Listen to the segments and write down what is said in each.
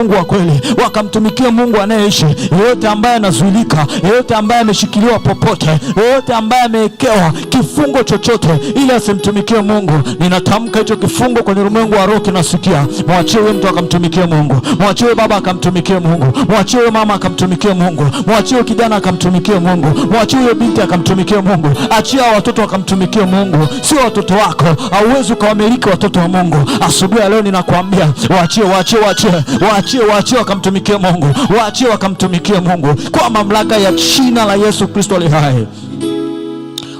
Mungu wa kweli wakamtumikia Mungu anayeishi. Yeyote ambaye anazuilika, yeyote ambaye ameshikiliwa popote, yeyote ambaye amewekewa kifungo chochote ili asimtumikie Mungu, ninatamka hicho kifungo kwenye ulimwengu wa roho kinasikia. Mwachie huyo mtu akamtumikie Mungu, mwachie huyo baba akamtumikie Mungu, mwachie huyo mama akamtumikie Mungu, mwachie huyo kijana akamtumikie Mungu, mwachie huyo binti akamtumikie Mungu, achia watoto akamtumikie Mungu. Sio watoto wako, hauwezi ukawamiliki watoto wa Mungu. Asubuhi ya leo ninakwambia waachie, waachie, waachie, waachie waachie, waachie wakamtumikie Mungu, waachie wakamtumikie Mungu kwa mamlaka ya jina la Yesu Kristo ali hai.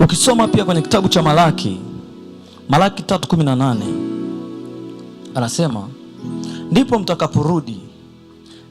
Ukisoma pia kwenye kitabu cha Malaki, Malaki 3:18 anasema ndipo mtakaporudi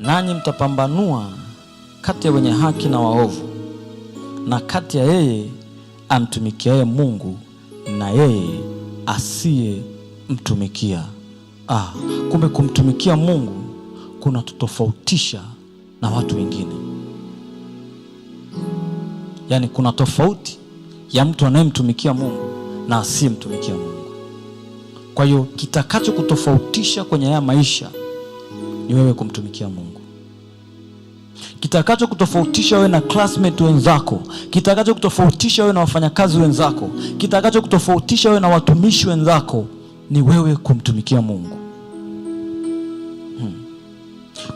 nanyi mtapambanua kati ya wenye haki na waovu, na kati ya yeye amtumikiaye Mungu na yeye asiyemtumikia. Ah, kumbe kumtumikia Mungu kunatutofautisha na watu wengine. Yaani kuna tofauti ya mtu anayemtumikia Mungu na asiyemtumikia Mungu. Kwa hiyo kitakacho kutofautisha kwenye haya maisha ni wewe kumtumikia Mungu. Kitakacho kutofautisha wewe na classmate wenzako, kitakacho kutofautisha wewe na wafanyakazi wenzako, kitakacho kutofautisha wewe na watumishi wenzako ni wewe kumtumikia Mungu. Hmm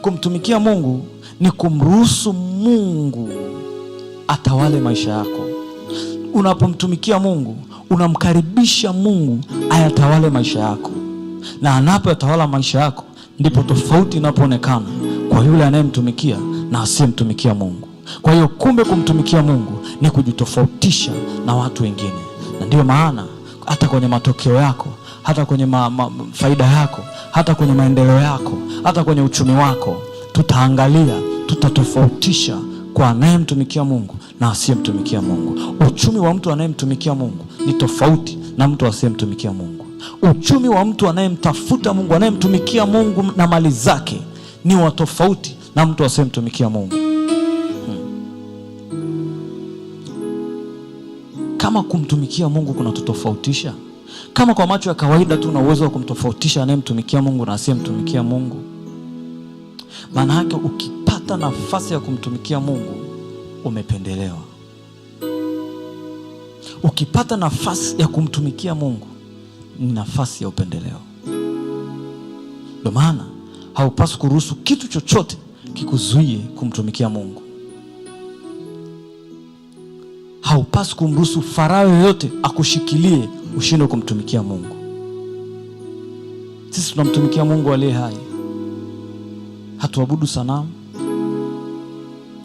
kumtumikia Mungu ni kumruhusu Mungu atawale maisha yako. Unapomtumikia Mungu, unamkaribisha Mungu ayatawale maisha yako, na anapoyatawala maisha yako ndipo tofauti inapoonekana kwa yule anayemtumikia na asiyemtumikia Mungu. Kwa hiyo, kumbe kumtumikia Mungu ni kujitofautisha na watu wengine, na ndiyo maana hata kwenye matokeo yako, hata kwenye ma, ma, faida yako hata kwenye maendeleo yako, hata kwenye uchumi wako, tutaangalia, tutatofautisha kwa anayemtumikia Mungu na asiyemtumikia Mungu. Uchumi wa mtu anayemtumikia Mungu ni tofauti na mtu asiyemtumikia Mungu. Uchumi wa mtu anayemtafuta Mungu, anayemtumikia Mungu na mali zake ni wa tofauti na mtu asiyemtumikia Mungu. Hmm. Kama kumtumikia Mungu kunatutofautisha kama kwa macho ya kawaida tu na uwezo wa kumtofautisha anayemtumikia Mungu na asiyemtumikia Mungu, maana yake ukipata nafasi ya kumtumikia Mungu umependelewa. Ukipata nafasi ya kumtumikia Mungu ni nafasi ya upendeleo. ndo maana haupaswi kuruhusu kitu chochote kikuzuie kumtumikia Mungu. Haupaswi kumruhusu faraha yoyote akushikilie ushindwe kumtumikia Mungu. Sisi tunamtumikia Mungu aliye hai, hatuabudu sanamu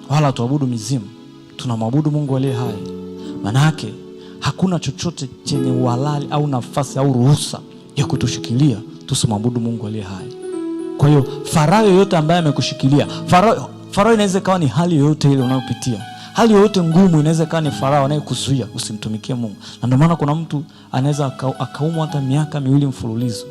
wala hatuabudu mizimu, tunamwabudu Mungu aliye hai. Maana hakuna chochote chenye uhalali au nafasi au ruhusa ya kutushikilia tusimwabudu Mungu aliye hai. Kwa hiyo farao yoyote ambaye amekushikilia farao, farao inaweza ikawa ni hali yoyote ile unayopitia hali yoyote ngumu inaweza ikawa ni farao anayekuzuia usimtumikie Mungu, na ndio maana kuna mtu anaweza akaumwa hata miaka miwili mfululizo,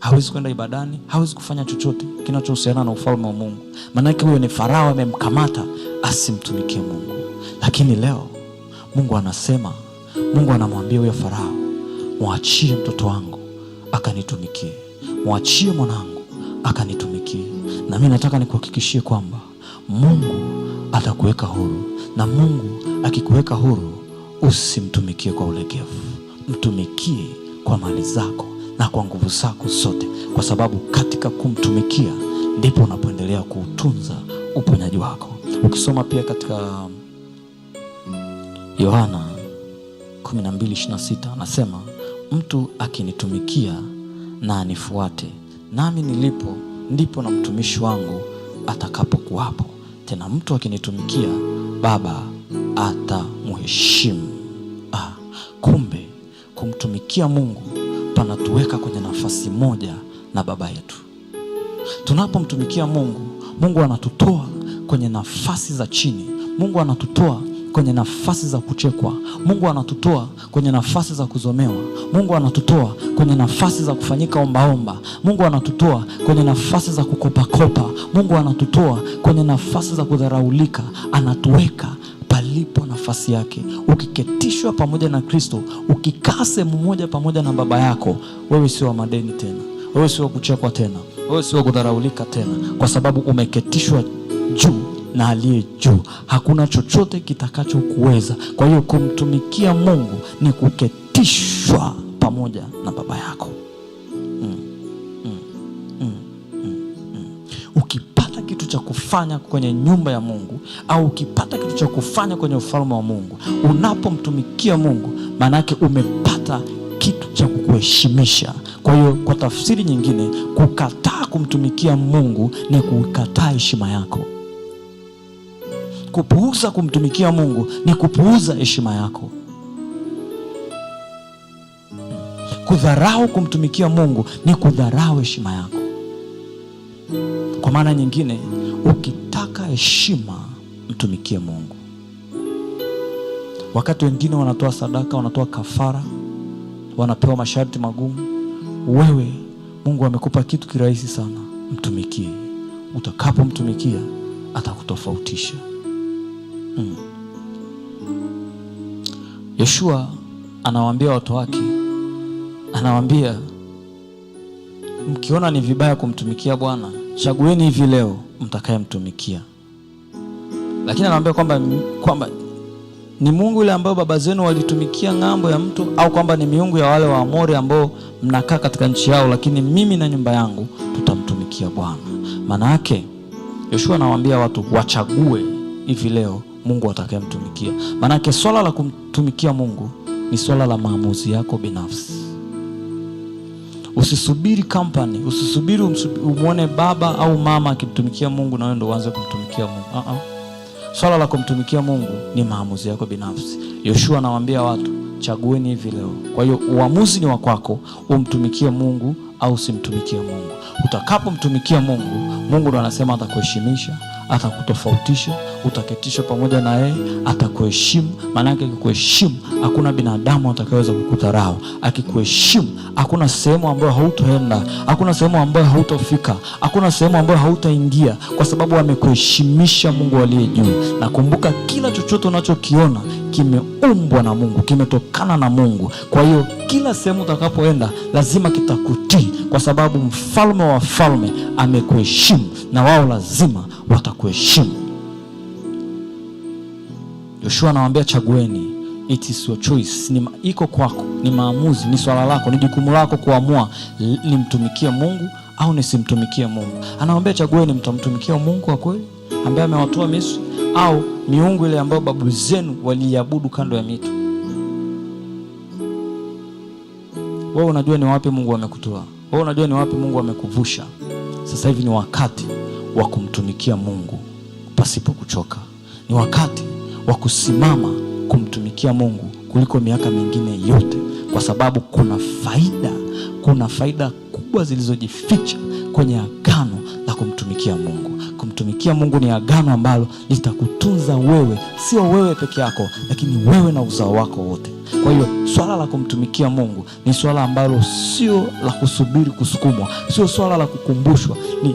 hawezi kwenda ibadani, hawezi kufanya chochote kinachohusiana na ufalme wa Mungu. Maanake huyo ni farao amemkamata asimtumikie Mungu. Lakini leo Mungu anasema, Mungu anamwambia huyo farao, mwachie mtoto wangu akanitumikie, mwachie mwanangu akanitumikie. Na mi nataka nikuhakikishie kwamba Mungu atakuweka huru, na Mungu akikuweka huru, usimtumikie kwa ulegevu, mtumikie kwa mali zako na kwa nguvu zako zote, kwa sababu katika kumtumikia ndipo unapoendelea kuutunza uponyaji wako. Ukisoma pia katika mm, Yohana 12:26 anasema, mtu akinitumikia na anifuate, nami nilipo ndipo na mtumishi wangu atakapokuwapo tena mtu akinitumikia Baba atamheshimu. Ah, kumbe kumtumikia Mungu panatuweka kwenye nafasi moja na baba yetu. Tunapomtumikia Mungu, Mungu anatutoa kwenye nafasi za chini. Mungu anatutoa kwenye nafasi za kuchekwa. Mungu anatutoa kwenye nafasi za kuzomewa. Mungu anatutoa kwenye nafasi za kufanyika ombaomba. Mungu anatutoa kwenye nafasi za kukopakopa. Mungu anatutoa kwenye nafasi za kudharaulika, anatuweka palipo nafasi yake. Ukiketishwa pamoja na Kristo, ukikaa sehemu moja pamoja na Baba yako, wewe sio wa madeni tena, wewe sio wa kuchekwa tena, wewe sio wa kudharaulika tena, kwa sababu umeketishwa juu na aliye juu, hakuna chochote kitakachokuweza. Kwa hiyo kumtumikia Mungu ni kuketishwa pamoja na baba yako. Mm. Mm. Mm. Ukipata kitu cha kufanya kwenye nyumba ya Mungu au ukipata kitu cha kufanya kwenye ufalme wa Mungu, unapomtumikia Mungu, maanake umepata kitu cha kukuheshimisha. Kwa hiyo kwa tafsiri nyingine, kukataa kumtumikia Mungu ni kukataa heshima yako kupuuza kumtumikia Mungu ni kupuuza heshima yako. Kudharau kumtumikia Mungu ni kudharau heshima yako. Kwa maana nyingine, ukitaka heshima, mtumikie Mungu. Wakati wengine wanatoa sadaka, wanatoa kafara, wanapewa masharti magumu, wewe Mungu amekupa kitu kirahisi sana, mtumikie. Utakapomtumikia atakutofautisha mm. Yoshua anawaambia watu wake, anawaambia mkiona ni vibaya kumtumikia Bwana, chagueni hivi leo mtakayemtumikia. Lakini anawaambia kwamba kwamba ni Mungu yule ambayo baba zenu walitumikia ng'ambo ya mtu, au kwamba ni miungu ya wale wa Amori ambao mnakaa katika nchi yao, lakini mimi na nyumba yangu tutamtumikia Bwana. Maana yake Yoshua anawaambia watu wachague hivi leo Mungu atakayemtumikia. Maanake swala la kumtumikia Mungu ni swala la maamuzi yako binafsi. Usisubiri kampani, usisubiri umwone baba au mama akimtumikia Mungu na wewe ndo uanze kumtumikia Mungu. uh -uh. Swala la kumtumikia Mungu ni maamuzi yako binafsi. Yoshua anawaambia watu, chagueni hivi leo. Kwa hiyo uamuzi ni wa kwako, umtumikie Mungu au usimtumikie Mungu. Utakapomtumikia Mungu, Mungu ndo anasema atakuheshimisha akakutofautisha, utaketishwa pamoja na yeye, atakuheshimu. Maanake akikuheshimu, hakuna binadamu atakaweza kukudharau. Akikuheshimu, hakuna sehemu ambayo hautaenda, hakuna sehemu ambayo hautafika, hakuna sehemu ambayo hautaingia, kwa sababu amekuheshimisha Mungu aliye juu. Na kumbuka, kila chochote unachokiona kimeumbwa na Mungu, kimetokana na Mungu. Kwa hiyo kila sehemu utakapoenda lazima kitakutii, kwa sababu mfalme wa falme amekuheshimu, na wao lazima watakuheshimu. Yoshua anawaambia chagueni, it is your choice, ni iko kwako, ni maamuzi, ni swala lako, ni jukumu lako kuamua nimtumikie Mungu au nisimtumikie Mungu. Anawaambia chagueni, mtamtumikia Mungu wa kweli ambaye amewatoa Misri au miungu ile ambayo babu zenu waliiabudu kando ya mito. Wewe unajua ni wapi Mungu amekutoa. Wewe unajua ni wapi Mungu amekuvusha. Sasa hivi ni wakati wa kumtumikia Mungu pasipo kuchoka. Ni wakati wa kusimama kumtumikia Mungu kuliko miaka mingine yote, kwa sababu kuna faida, kuna faida kubwa zilizojificha kwenye agano la kumtumikia Mungu. Kumtumikia Mungu ni agano ambalo litakutunza wewe, sio wewe peke yako, lakini wewe na uzao wako wote. Kwa hiyo swala la kumtumikia Mungu ni swala ambalo sio la kusubiri kusukumwa, sio swala la kukumbushwa, ni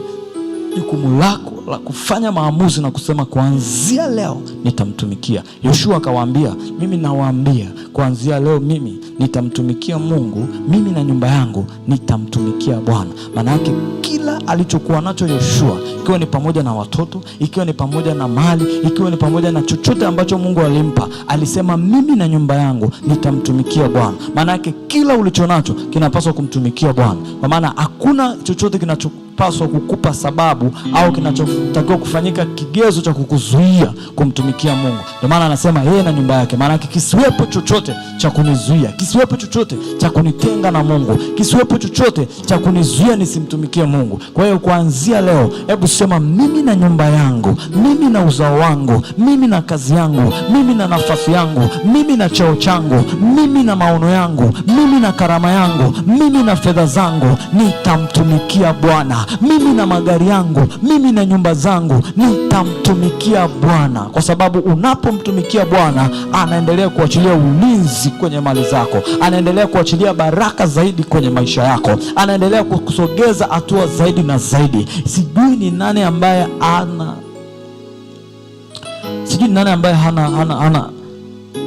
jukumu lako la kufanya maamuzi na kusema kuanzia leo nitamtumikia. Yoshua akawaambia, mimi nawaambia kuanzia leo mimi nitamtumikia Mungu, mimi na nyumba yangu nitamtumikia Bwana. Maana yake kila alichokuwa nacho Yoshua, ikiwa ni pamoja na watoto, ikiwa ni pamoja na mali, ikiwa ni pamoja na chochote ambacho Mungu alimpa, alisema mimi na nyumba yangu nitamtumikia Bwana. Maana yake kila ulichonacho kinapaswa kumtumikia Bwana, kwa maana hakuna chochote kinacho kinachopaswa kukupa sababu au kinachotakiwa kufanyika kigezo cha kukuzuia kumtumikia Mungu. Ndio maana anasema yeye na nyumba yake, maanake kisiwepo chochote cha kunizuia, kisiwepo chochote cha kunitenga na Mungu, kisiwepo chochote cha kunizuia nisimtumikie Mungu. Kwa hiyo kuanzia leo, hebu sema mimi na nyumba yangu, mimi na uzao wangu, mimi na kazi yangu, mimi na nafasi yangu, mimi na cheo changu, mimi na maono yangu, mimi na karama yangu, mimi na fedha zangu nitamtumikia Bwana mimi na magari yangu, mimi na nyumba zangu nitamtumikia Bwana, kwa sababu unapomtumikia Bwana anaendelea kuachilia ulinzi kwenye mali zako, anaendelea kuachilia baraka zaidi kwenye maisha yako, anaendelea kusogeza hatua zaidi na zaidi. Sijui ni nani ambaye ana sijui ni nani ambaye hana, hana, hana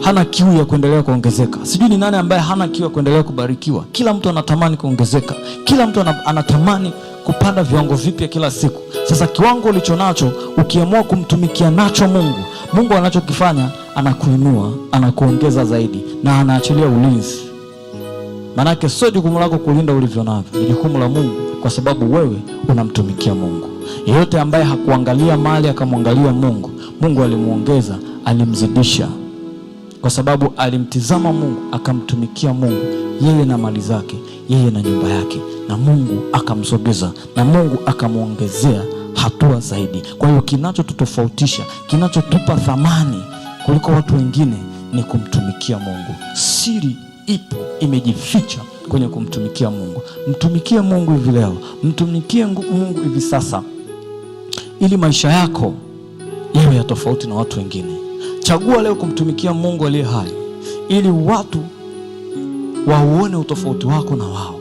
hana kiu ya kuendelea kuongezeka. Sijui ni nani ambaye hana kiu ya kuendelea kubarikiwa. Kila mtu anatamani kuongezeka, kila mtu anatamani kupanda viwango vipya kila siku. Sasa kiwango ulicho nacho ukiamua kumtumikia nacho Mungu, Mungu anachokifanya anakuinua, anakuongeza zaidi na anaachilia ulinzi. Maanake sio jukumu lako kulinda ulivyo navyo, ni jukumu la Mungu, kwa sababu wewe unamtumikia Mungu. Yeyote ambaye hakuangalia mali akamwangalia Mungu, Mungu alimwongeza, alimzidisha kwa sababu alimtizama Mungu, akamtumikia Mungu, yeye na mali zake, yeye na nyumba yake, na Mungu akamsogeza na Mungu akamwongezea hatua zaidi. Kwa hiyo kinachotutofautisha, kinachotupa thamani kuliko watu wengine ni kumtumikia Mungu. Siri ipo imejificha kwenye kumtumikia Mungu. Mtumikie Mungu hivi leo, mtumikie Mungu hivi sasa, ili maisha yako yawe ya tofauti na watu wengine. Chagua leo kumtumikia Mungu aliye hai, ili watu wauone utofauti wako na wao.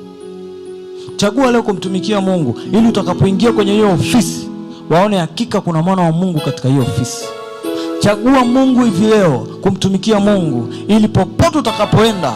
Chagua leo kumtumikia Mungu, ili utakapoingia kwenye hiyo ofisi waone hakika kuna mwana wa Mungu katika hiyo ofisi. Chagua Mungu hivi leo kumtumikia Mungu, ili popote utakapoenda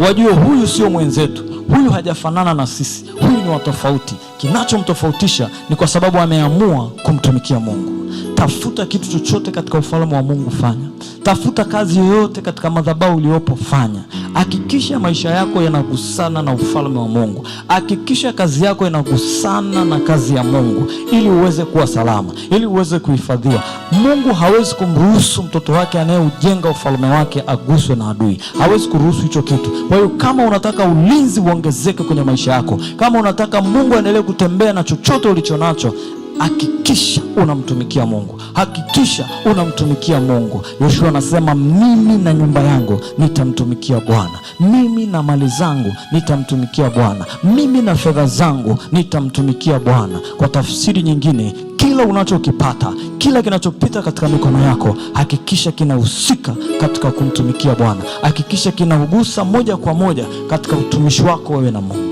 wajue huyu sio mwenzetu, huyu hajafanana na sisi, huyu ni watofauti Kinachomtofautisha ni kwa sababu ameamua kumtumikia Mungu. Tafuta kitu chochote katika ufalme wa Mungu, fanya. Tafuta kazi yoyote katika madhabahu uliopo, fanya. Hakikisha maisha yako yanagusana na ufalme wa Mungu. Hakikisha kazi yako inagusana na kazi ya Mungu, ili uweze kuwa salama, ili uweze kuhifadhiwa. Mungu hawezi kumruhusu mtoto wake anayeujenga ufalme wake aguswe na adui, hawezi kuruhusu hicho kitu. Kwa hiyo kama unataka ulinzi uongezeke kwenye maisha yako, kama unataka Mungu aendelee kutembea na chochote ulicho nacho hakikisha unamtumikia Mungu, hakikisha unamtumikia Mungu. Yoshua anasema mimi na nyumba yangu nitamtumikia Bwana, mimi na mali zangu nitamtumikia Bwana, mimi na fedha zangu nitamtumikia Bwana. Kwa tafsiri nyingine, kila unachokipata, kila kinachopita katika mikono yako, hakikisha kinahusika katika kumtumikia Bwana, hakikisha kinagusa moja kwa moja katika utumishi wako wewe na Mungu.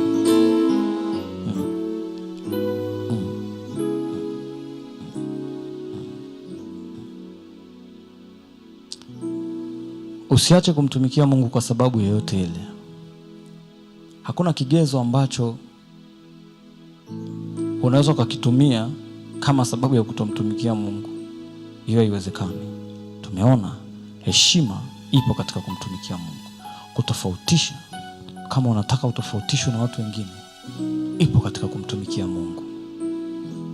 Usiache kumtumikia Mungu kwa sababu yoyote ile. Hakuna kigezo ambacho unaweza ukakitumia kama sababu ya kutomtumikia Mungu, hiyo haiwezekani. Tumeona heshima ipo katika kumtumikia Mungu, kutofautisha, kama unataka utofautishwe na watu wengine, ipo katika kumtumikia Mungu.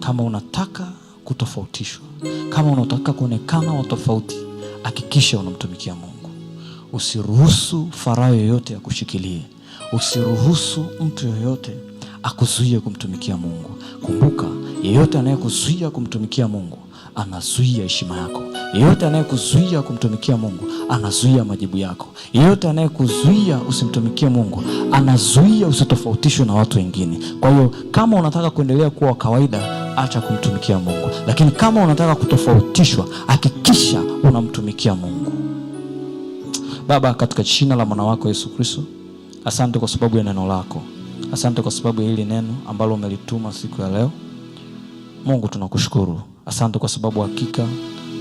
Kama unataka kutofautishwa, kama unataka kuonekana watofauti hakikisha unamtumikia Mungu. Usiruhusu faraha yoyote akushikilie, usiruhusu mtu yoyote akuzuie kumtumikia Mungu. Kumbuka, yeyote anayekuzuia kumtumikia Mungu anazuia heshima yako. Yeyote anayekuzuia kumtumikia Mungu anazuia majibu yako. Yeyote anayekuzuia usimtumikie Mungu anazuia usitofautishwe na watu wengine. Kwa hiyo kama unataka kuendelea kuwa wa kawaida, acha kumtumikia Mungu, lakini kama unataka kutofautishwa, hakikisha unamtumikia Mungu. Baba, katika jina la mwana wako Yesu Kristo, asante kwa sababu ya neno lako, asante kwa sababu ya hili neno ambalo umelituma siku ya leo. Mungu, tunakushukuru, asante kwa sababu hakika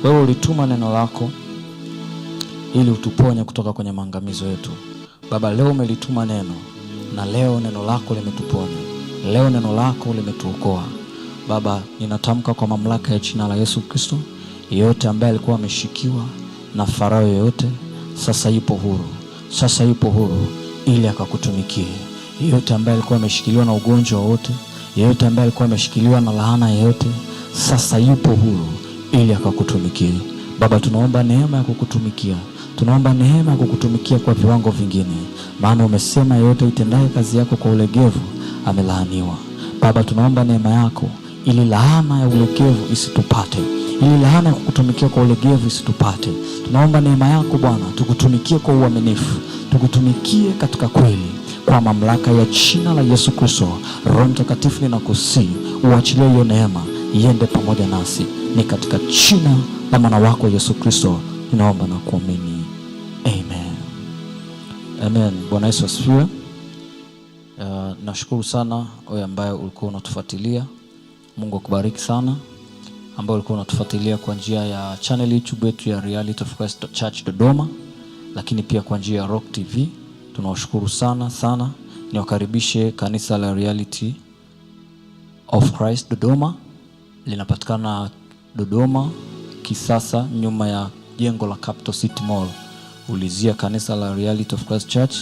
wewe ulituma neno lako ili utuponye kutoka kwenye maangamizo yetu. Baba, leo umelituma neno na leo neno lako limetuponya, leo neno lako limetuokoa. Baba, ninatamka kwa mamlaka ya jina la Yesu Kristo, yeyote ambaye alikuwa ameshikiwa na farao yoyote sasa yupo huru, sasa yupo huru ili akakutumikie. Yeyote ambaye alikuwa ameshikiliwa na ugonjwa wote, yeyote ambaye alikuwa ameshikiliwa na laana yeyote, sasa yupo huru ili akakutumikie. Baba, tunaomba neema ya kukutumikia tunaomba neema ya kukutumikia kwa viwango vingine, maana umesema yeyote itendaye kazi yako kwa ulegevu amelaaniwa. Baba, tunaomba neema yako ili laana ya ulegevu isitupate ili laana ya kukutumikia kwa ulegevu isitupate. Tunaomba neema yako Bwana, tukutumikie kwa uaminifu, tukutumikie katika kweli kwa mamlaka ya jina la Yesu Kristo. Roho Mtakatifu, ninakusii uachilie hiyo neema iende pamoja nasi, ni katika jina la mwana wako Yesu Kristo ninaomba na kuamini, amen. Amen. Bwana Yesu asifiwe. Uh, nashukuru sana wewe ambaye ulikuwa unatufuatilia. Mungu akubariki sana ambao ulikuwa unatufuatilia kwa njia ya channel YouTube yetu ya Reality of Christ Church Dodoma, lakini pia kwa njia ya Rock TV. Tunawashukuru sana sana. Niwakaribishe kanisa la Reality of Christ Dodoma, linapatikana Dodoma Kisasa, nyuma ya jengo la Capital City Mall. Ulizia kanisa la Reality of Christ Church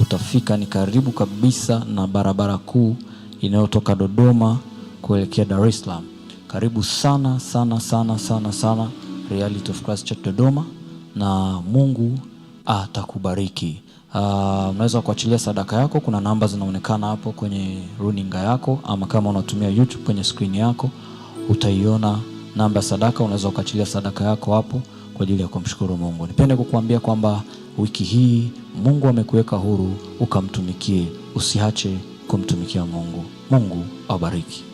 utafika, ni karibu kabisa na barabara kuu inayotoka Dodoma kuelekea Dar es Salaam. Karibu sana sana sana sana sana Reality of Christ Church Dodoma, na Mungu atakubariki. Unaweza ah, uh, kuachilia sadaka yako. Kuna namba zinaonekana hapo kwenye runinga yako, ama kama unatumia YouTube kwenye skrini yako utaiona namba ya sadaka. Unaweza ukaachilia sadaka yako hapo kwa ajili ya kumshukuru Mungu. Nipende kukuambia kwamba wiki hii Mungu amekuweka huru ukamtumikie. Usiache kumtumikia Mungu. Mungu awabariki.